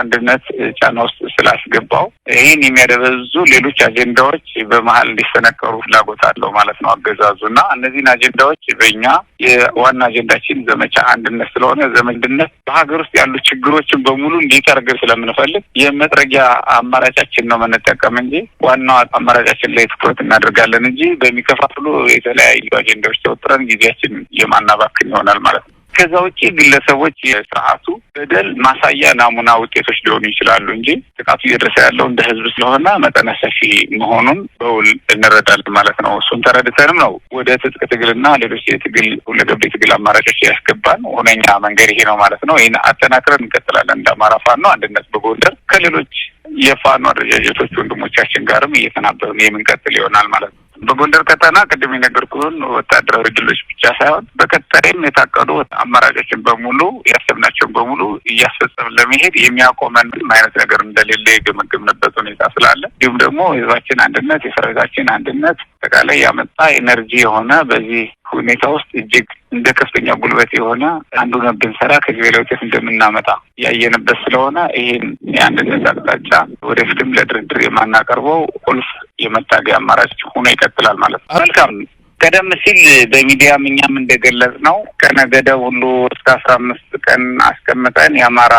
አንድነት ጫና ውስጥ ስላስገባው ይህን የሚያደበዙ ሌሎች አጀንዳዎች በመሀል እንዲሰነቀሩ ፍላጎት አለው ማለት ነው አገዛዙ እና እነዚህን አጀንዳዎች በእኛ የዋና አጀንዳችን ዘመቻ አንድነት ስለሆነ ዘመንድነት በሀገር ውስጥ ያሉ ችግሮችን በሙሉ እንዲጠርግ ስለምንፈልግ የመጥረጊያ አማራጫችን ነው ምንጠቀም እንጂ ዋናው አማራጫችን ላይ ትኩረት እናደርጋለን እንጂ በሚከፋፍሉ የተለያዩ አጀንዳዎች ተወጥረን ጊዜያችን የማናባክን ይሆናል ማለት ነው። ከዛ ውጪ ግለሰቦች የስርዓቱ በደል ማሳያ ናሙና ውጤቶች ሊሆኑ ይችላሉ እንጂ ጥቃቱ እየደረሰ ያለው እንደ ህዝብ ስለሆነ መጠነ ሰፊ መሆኑን በውል እንረዳለን ማለት ነው። እሱን ተረድተንም ነው ወደ ትጥቅ ትግልና ሌሎች የትግል ሁለገብ የትግል አማራጮች ያስገባን ሁነኛ መንገድ ይሄ ነው ማለት ነው። ይህን አጠናክረን እንቀጥላለን። እንደ አማራ ፋኖ አንድነት በጎንደር ከሌሎች የፋኖ አደረጃጀቶች ወንድሞቻችን ጋርም እየተናበብን የምንቀጥል ይሆናል ማለት ነው። በጎንደር ከተማ ቅድም የነገርኩህን ወታደራዊ ድሎች ብቻ ሳይሆን በቀጠሬም የታቀዱ አማራጮችን በሙሉ ያሰብናቸውን በሙሉ እያስፈጸም ለመሄድ የሚያቆመን ምንም አይነት ነገር እንደሌለ የገመገምንበት ሁኔታ ስላለ እንዲሁም ደግሞ የህዝባችን አንድነት የሰራዊታችን አንድነት አጠቃላይ ያመጣ ኤነርጂ የሆነ በዚህ ሁኔታ ውስጥ እጅግ እንደ ከፍተኛ ጉልበት የሆነ አንዱ ነው ብንሰራ ከዚህ በላይ ውጤት እንደምናመጣ ያየንበት ስለሆነ ይህን የአንድነት አቅጣጫ ወደፊትም ለድርድር የማናቀርበው ቁልፍ የመታገያ አማራጭ ሆኖ ይቀጥላል ማለት ነው። መልካም ቀደም ሲል በሚዲያም እኛም እንደገለጽ ነው ከነገደ ሁሉ እስከ አስራ አምስት ቀን አስቀምጠን የአማራ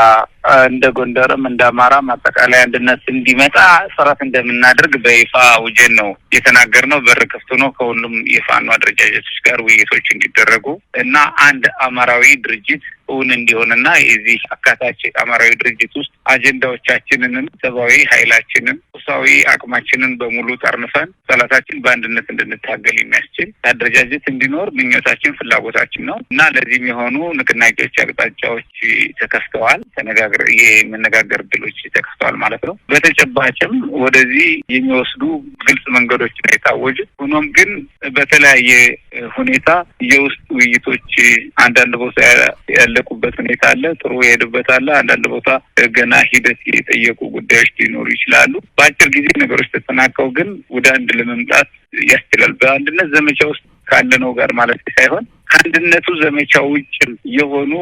እንደ ጎንደርም እንደ አማራም አጠቃላይ አንድነት እንዲመጣ ጥረት እንደምናደርግ በይፋ ውጀን ነው ነው። በር ክፍት ነው ከሁሉም የፋኖ አደረጃጀቶች ጋር ውይይቶች እንዲደረጉ እና አንድ አማራዊ ድርጅት እውን እንዲሆንና የዚህ አካታች አማራዊ ድርጅት ውስጥ አጀንዳዎቻችንንም ሰብአዊ ኃይላችንን ቁሳዊ አቅማችንን በሙሉ ጠርንፈን ጠላታችን በአንድነት እንድንታገል የሚያስችል አደረጃጀት እንዲኖር ምኞታችን፣ ፍላጎታችን ነው እና ለዚህም የሆኑ ንቅናቄዎች፣ አቅጣጫዎች ተከፍተዋል ተነጋ መነጋገር የመነጋገር እድሎች ተከፍተዋል ማለት ነው። በተጨባጭም ወደዚህ የሚወስዱ ግልጽ መንገዶች ነው የታወጁ። ሆኖም ግን በተለያየ ሁኔታ የውስጥ ውይይቶች አንዳንድ ቦታ ያለቁበት ሁኔታ አለ፣ ጥሩ የሄዱበት አለ። አንዳንድ ቦታ ገና ሂደት የጠየቁ ጉዳዮች ሊኖሩ ይችላሉ። በአጭር ጊዜ ነገሮች ተጠናቀው ግን ወደ አንድ ለመምጣት ያስችላል። በአንድነት ዘመቻ ውስጥ ካለነው ጋር ማለት ሳይሆን ከአንድነቱ ዘመቻ ውጭ የሆኑ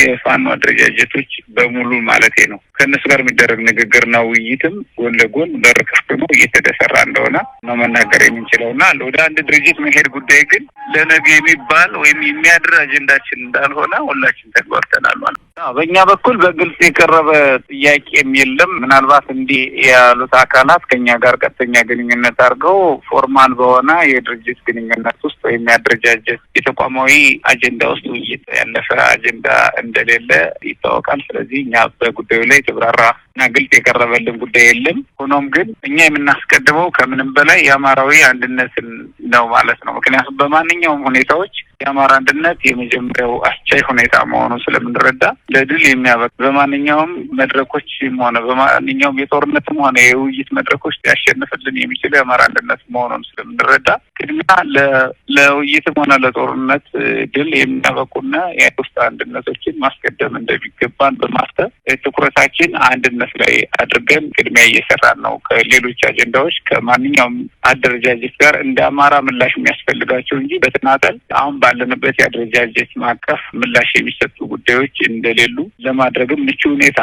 የፋኖ አደረጃጀቶች በሙሉ ማለት ነው ከእነሱ ጋር የሚደረግ ንግግርና ውይይትም ጎን ለጎን በር ክፍት ነው እየተደሰራ እንደሆነ ነው መናገር የምንችለው እና ወደ አንድ ድርጅት መሄድ ጉዳይ ግን ለነገ የሚባል ወይም የሚያድር አጀንዳችን እንዳልሆነ ሁላችን ተግባርተናል ማለት ነው። በእኛ በኩል በግልጽ የቀረበ ጥያቄም የለም። ምናልባት እንዲህ ያሉት አካላት ከኛ ጋር ቀጥተኛ ግንኙነት አድርገው ፎርማል በሆነ የድርጅት ግንኙነት ውስጥ ወይም ያደረጃጀት የተቋማዊ አጀንዳ ውስጥ ውይይት ያለፈ አጀንዳ እንደሌለ ይታወቃል። ስለዚህ እኛ በጉዳዩ ላይ የተብራራ እና ግልጽ የቀረበልን ጉዳይ የለም። ሆኖም ግን እኛ የምናስቀድመው ከምንም በላይ የአማራዊ አንድነትን ነው ማለት ነው። ምክንያቱም በማንኛውም ሁኔታዎች የአማራ አንድነት የመጀመሪያው አስቻይ ሁኔታ መሆኑ ስለምንረዳ ለድል የሚያበቅ በማንኛውም መድረኮችም ሆነ በማንኛውም የጦርነትም ሆነ የውይይት መድረኮች ሊያሸንፍልን የሚችል የአማራ አንድነት መሆኑን ስለምንረዳ ቅድሚያ ለውይይትም ሆነ ለጦርነት ድል የሚያበቁና የውስጥ አንድነቶችን ማስቀደም እንደሚገባን በማሰብ ትኩረታችን አንድነት ላይ አድርገን ቅድሚያ እየሰራን ነው። ከሌሎች አጀንዳዎች ከማንኛውም አደረጃጀት ጋር እንደ አማራ ምላሽ የሚያስፈልጋቸው እንጂ በተናጠል አሁን ባለንበት የአደረጃጀት ማዕቀፍ ምላሽ የሚሰጡ ጉዳዮች እንደሌሉ ለማድረግም ምቹ ሁኔታ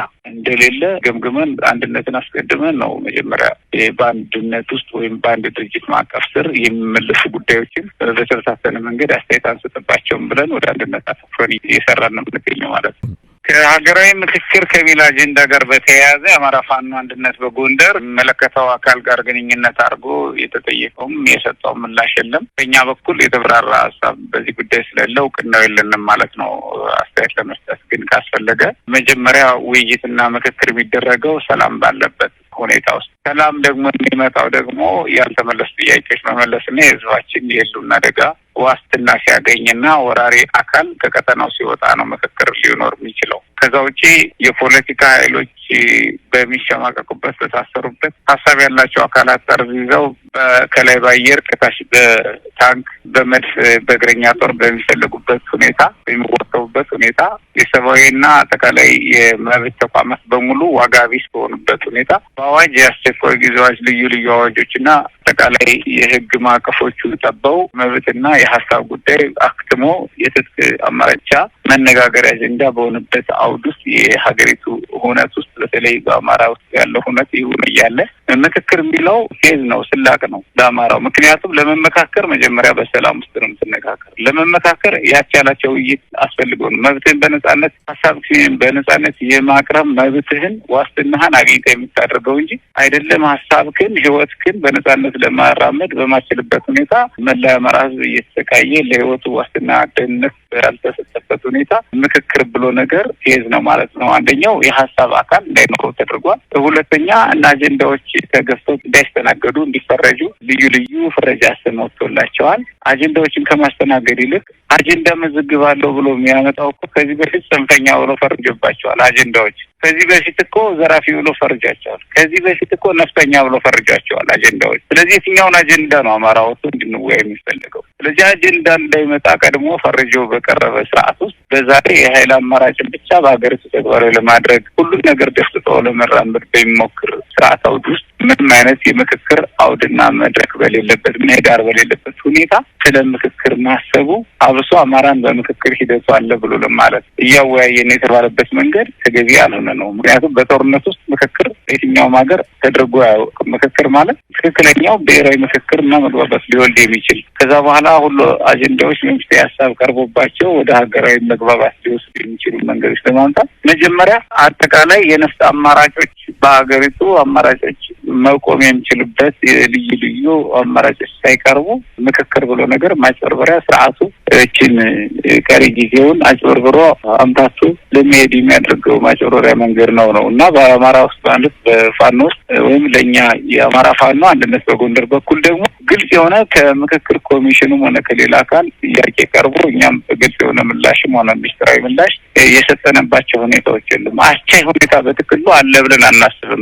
እንደሌለ ገምግመን አንድነትን አስቀድመን ነው መጀመሪያ በአንድነት ውስጥ ወይም በአንድ ድርጅት ማዕቀፍ ስር የሚመለሱ ጉዳዮችን በተመሳሰለ መንገድ አስተያየት አንሰጥባቸውም ብለን ወደ አንድነት አሰፍረን እየሰራን ነው የምንገኘው ማለት ነው። ከሀገራዊ ምክክር ከሚል አጀንዳ ጋር በተያያዘ የአማራ ፋኖ አንድነት በጎንደር የሚመለከተው አካል ጋር ግንኙነት አድርጎ የተጠየቀውም የሰጠው ምላሽ የለም። በእኛ በኩል የተብራራ ሀሳብ በዚህ ጉዳይ ስለሌለ እውቅናው የለንም ማለት ነው። አስተያየት ለመስጠት ግን ካስፈለገ መጀመሪያ ውይይትና ምክክር የሚደረገው ሰላም ባለበት ሁኔታ ውስጥ ሰላም ደግሞ የሚመጣው ደግሞ ያልተመለሱ ጥያቄዎች መመለስና የህዝባችን የህልውና አደጋ ዋስትና ሲያገኝና ወራሪ አካል ከቀጠናው ሲወጣ ነው ምክክር ሊኖር የሚችለው። ከዛ ውጪ የፖለቲካ ኃይሎች በሚሸማቀቁበት፣ በታሰሩበት ሀሳብ ያላቸው አካላት ጠርዝ ይዘው ከላይ በአየር ከታች በታንክ በመድፍ በእግረኛ ጦር በሚፈለጉበት ሁኔታ የሚወተቡበት ሁኔታ የሰብአዊና አጠቃላይ የመብት ተቋማት በሙሉ ዋጋ ቢስ በሆኑበት ሁኔታ በአዋጅ የአስቸኳይ ጊዜ ልዩ ልዩ አዋጆች አዋጆችና አጠቃላይ የህግ ማዕቀፎቹ ጠበው መብትና የሀሳብ ጉዳይ አክትሞ የትጥቅ አማራጫ መነጋገሪያ አጀንዳ በሆነበት አውድ ውስጥ የሀገሪቱ እውነት ውስጥ በተለይ በአማራ ውስጥ ያለው ሁነት ይሁን እያለ ምክክር የሚለው ፌዝ ነው፣ ስላቅ ነው ለአማራው። ምክንያቱም ለመመካከር መጀመሪያ በሰላም ውስጥ ነው የምትነካከር። ለመመካከር ያቻላቸው ውይይት አስፈልገውን መብትህን በነጻነት ሀሳብ በነጻነት የማቅረብ መብትህን ዋስትናህን አግኝተ የምታደርገው እንጂ አይደለም ሀሳብክን ህይወትክን በነጻነት ለማራመድ በማችልበት ሁኔታ መላ አማራ ህዝብ እየተሰቃየ ለህይወቱ ዋስትና ደህንነት ያልተሰጠበት ሁኔታ ምክክር ብሎ ነገር ፌዝ ነው ማለት ነው። አንደኛው የሀሳብ አካል እንዳይኖረው ተደርጓል። ሁለተኛ እና አጀንዳዎች ተገፍተው እንዳይስተናገዱ እንዲፈረጁ ልዩ ልዩ ፍረጃ አሰማቶላቸዋል። አጀንዳዎችን ከማስተናገድ ይልቅ አጀንዳ መዘግባለሁ ብሎ የሚያመጣው እኮ ከዚህ በፊት ጽንፈኛ ብሎ ፈርጆባቸዋል አጀንዳዎች ከዚህ በፊት እኮ ዘራፊ ብሎ ፈርጃቸዋል። ከዚህ በፊት እኮ ነፍጠኛ ብሎ ፈርጃቸዋል አጀንዳዎች። ስለዚህ የትኛውን አጀንዳ ነው አማራ ወጥቶ እንድንወያ የሚፈልገው? ስለዚህ አጀንዳ እንዳይመጣ ቀድሞ ፈርጆ በቀረበ ስርዓት ውስጥ በዛሬ የሀይል አማራጭን ብቻ በሀገሪቱ ተግባራዊ ለማድረግ ሁሉም ነገር ደፍጥጦ ለመራመድ በሚሞክር ስርዓት አውድ ውስጥ ምንም አይነት የምክክር አውድና መድረክ በሌለበት ምህዳር በሌለበት ሁኔታ ስለ ምክክር ማሰቡ አብሶ አማራን በምክክር ሂደቱ አለ ብሎ ለማለት እያወያየን የተባለበት መንገድ ተገቢ አልሆነ ነው። ምክንያቱም በጦርነት ውስጥ ምክክር በየትኛውም ሀገር ተደርጎ አያውቅም። ምክክር ማለት ትክክለኛው ብሔራዊ ምክክር እና መግባባት ሊወልድ የሚችል ከዛ በኋላ ሁሉ አጀንዳዎች መንግስት ሀሳብ ቀርቦባቸው ወደ ሀገራዊ መግባባት ሊወስዱ የሚችሉ መንገዶች ለማምጣት መጀመሪያ አጠቃላይ የነፍስ አማራጮች በሀገሪቱ አማራጮች መቆም የሚችልበት ልዩ ልዩ አማራጮች ሳይቀርቡ ምክክር ብሎ ነገር ማጭበርበሪያ ስርዓቱ እችን ቀሪ ጊዜውን አጭበርብሮ አምታቱ ለመሄድ የሚያደርገው ማጭበርበሪያ መንገድ ነው ነው እና በአማራ ውስጥ ማለት በፋኖ ወይም ለእኛ የአማራ ፋኖ አንድነት በጎንደር በኩል ደግሞ ግልጽ የሆነ ከምክክር ኮሚሽኑም ሆነ ከሌላ አካል ጥያቄ ቀርቦ እኛም በግልጽ የሆነ ምላሽም ሆነ ሚስጥራዊ ምላሽ የሰጠነባቸው ሁኔታዎች የለም። አቻይ ሁኔታ በትክሉ አለ ብለን አናስብም።